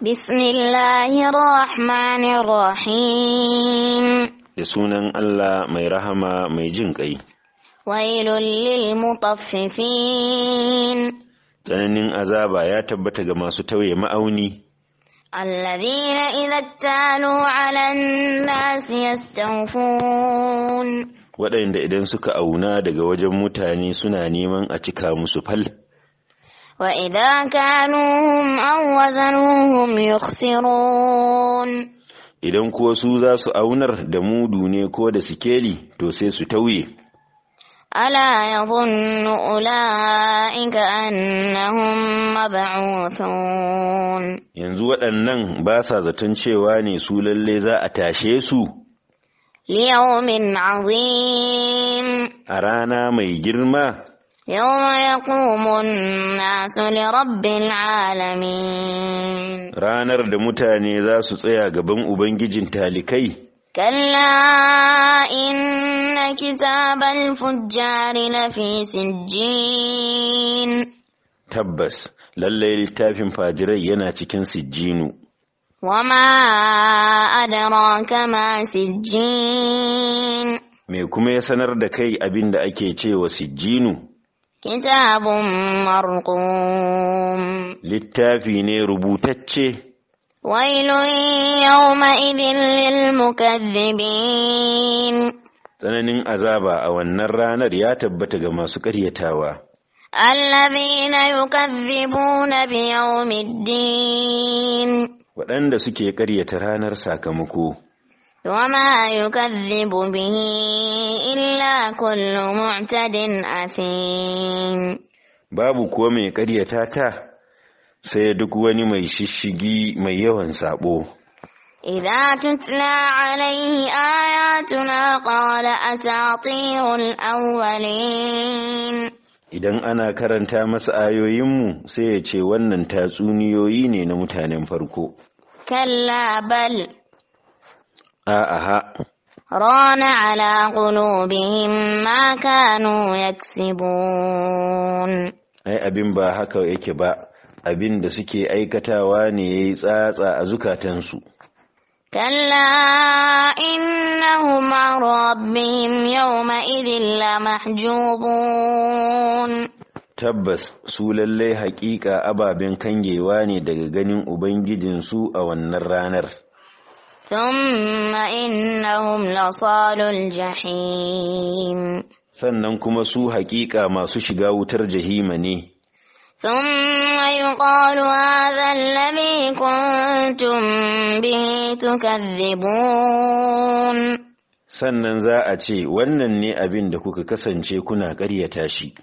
بسم da sunan allah mai الله mai jin ƙai جنكي ويل للمطففين tsananin azaba ya tabbata ga masu tauye ma'auni alladhina idza talu 'alan nas yastawfun waɗanda idan suka auna daga wajen mutane suna neman a cika musu fal وإذا كانوهم أو وزنوهم يخسرون idan kuwa su za su aunar da mudu ne ko da sikeli to sai su tauye ala ya zunnu ula'ika annahum mab'uthun yanzu waɗannan ba sa zaton cewa ne su lalle za a tashe su liyaumin azim a rana mai girma Yau يوم يقوم الناس rabbin العالمين Ranar da mutane za su tsaya gaban ubangijin talikai kalla inna kitabal fujjari lafi sijjin tabbas lallai littafin fajirai yana cikin sijjinu wama adraka ma sijjin me kuma ya sanar da kai abin da ake cewa sijjinu kitabun marqum littafi ne rubutacce wailun yawma idin lil mukaththibin tsananin azaba a wannan ranar ya tabbata ga masu ƙaryatawa Allazina يكذبون بيوم waɗanda suke ƙaryata ranar sakamako وما يكذب illa إلا كل a أثيم babu kuwa mai ƙaryata ta sai duk wani mai shishigi mai yawan saɓo. Iza tutla alaihi ayatuna qala asatirul awwalin Idan ana karanta masa ayoyinmu sai ya ce wannan tatsuniyoyi ne na mutanen farko. Kalla bal A'a. ران على قلوبهم ما كانوا يكسبون ai abin ba haka yake ba abin da suke aikatawa ne ya yi tsatsa a zukatansu kalla innahum an rabbihim yawma idhin la mahjubun tabbas su lallai haƙiƙa ababen kangewa ne daga ganin ubangijinsu a wannan ranar ثم إنهم لصال الجحيم sannan kuma su haƙiƙa masu shiga wutar jahima ne ثم يقال هذا الذي كنتم به تكذبون sannan za a ce wannan ne abin da kuka kasance kuna ƙaryata shi.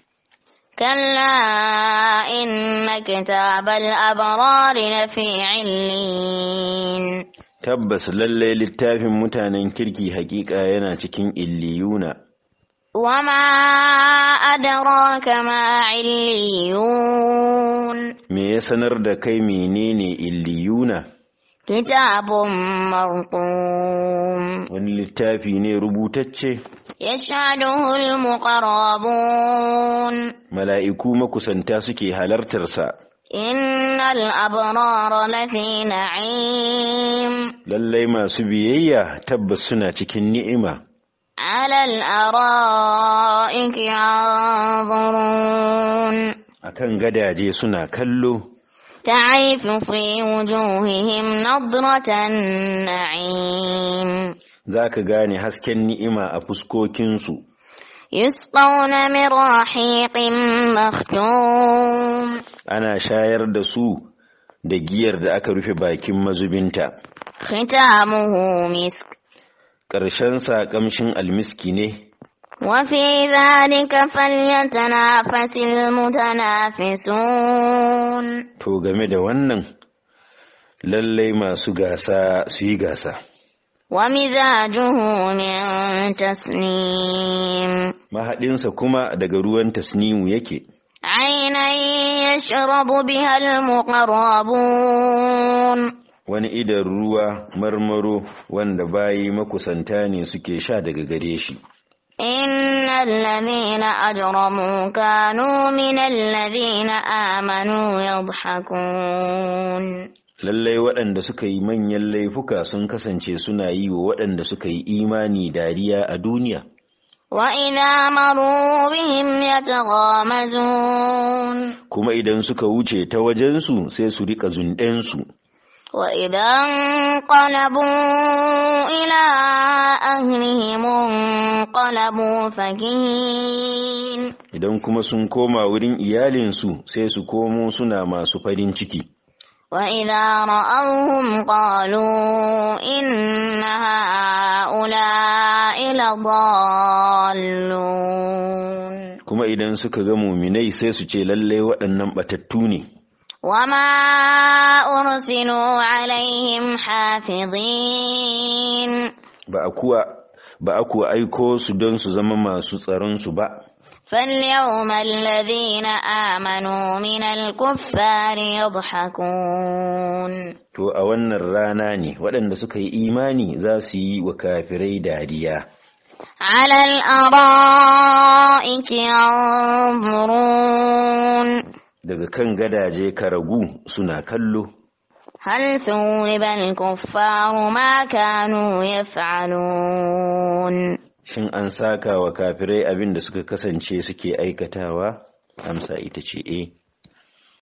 Kalla inna kitabal abrari na fi illin. tabbas lallai littafin mutanen kirki hakika yana cikin illiyuna wama adraka ma illiyun me ya sanar da kai menene illiyuna kitabun marqum wani littafi ne rubutacce Ya shaduhul muqarrabun mala'iku makusanta suke halartarsa in innal abrara lafi na'im lallai masu biyayya tabbas suna cikin ni'ima alal ara'iki yanzurun akan gadaje suna kallo ta'ifu fi wujuhihim nadratan na'im zaka gane hasken ni'ima a fuskokinsu. يسقون من رحيق مختوم أنا شاير دسو da giyar da aka rufe bakin mazubinta. Khitamuhu misk. Ƙarshensa ƙamshin almiski ne. وفي ذلك فليتنافس المتنافسون To game da wannan lallai masu gasa su yi gasa. ومزاجه من tasnim. mahaɗinsa kuma daga ruwan tasnimu yake ainihin yashrabu bi al-muqarrabun wani idan ruwa marmaro wanda bayi makusanta ne suke sha daga gare shi Inna alladhina ajramu kanu min alladhina amanu yadhhakun Lallai waɗanda suka yi manyan laifuka sun kasance suna yi wa waɗanda suka yi imani dariya a duniya وإذا مروا بهم يتغامزون كما إذا سكا وجه توجنسو سيسرق زندنسو وإذا انقلبوا إلى أهلهم انقلبوا فكهين إذا كما سنكوما ورين إيالنسو سيسكومو سنا ما سفرين وإذا رأوهم قالوا إن هؤلاء لضالون كما إذا سكا مؤمني سيسوشي للي وأنم بتتوني وما أرسلوا عليهم حافظين ba a kuwa ba a ku aiko su don su zama masu tsaron su ba فاليوم الذين آمنوا من الكفار يضحكون to a wannan rana ne waɗanda suka yi imani za su yi wa kafirai dariya على الأرائك ينظرون daga kan gadaje karagu suna kallo هل ثوب الكفار ما كانوا يفعلون shin an saka wa kafirai abin da suka kasance suke aikatawa amsa ita ce eh